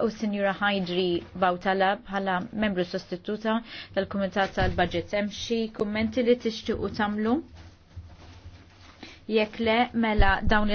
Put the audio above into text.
u Sinjura Ħajdri Bawtala bħala membru sostituta tal-Kumitat tal-Budget. Hemm xi kummenti li tixtiequ tagħmlu? Jekk le mela dawn